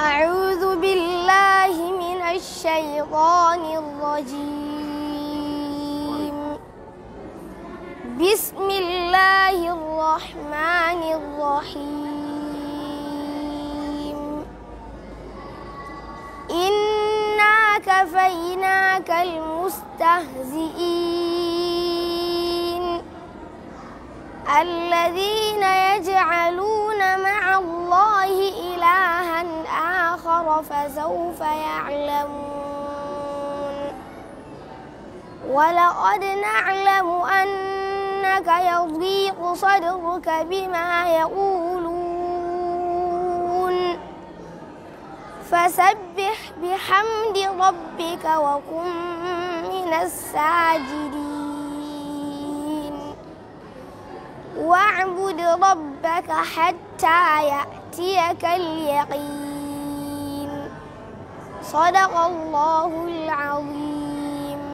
أعوذ بالله من الشيطان الرجيم بسم الله الرحمن الرحيم إنا كفيناك المستهزئين الذين يجعلون فسوف يعلمون ولقد نعلم أنك يضيق صدرك بما يقولون فسبح بحمد ربك وكن من الساجدين واعبد ربك حتى يأتيك اليقين صدق الله العظيم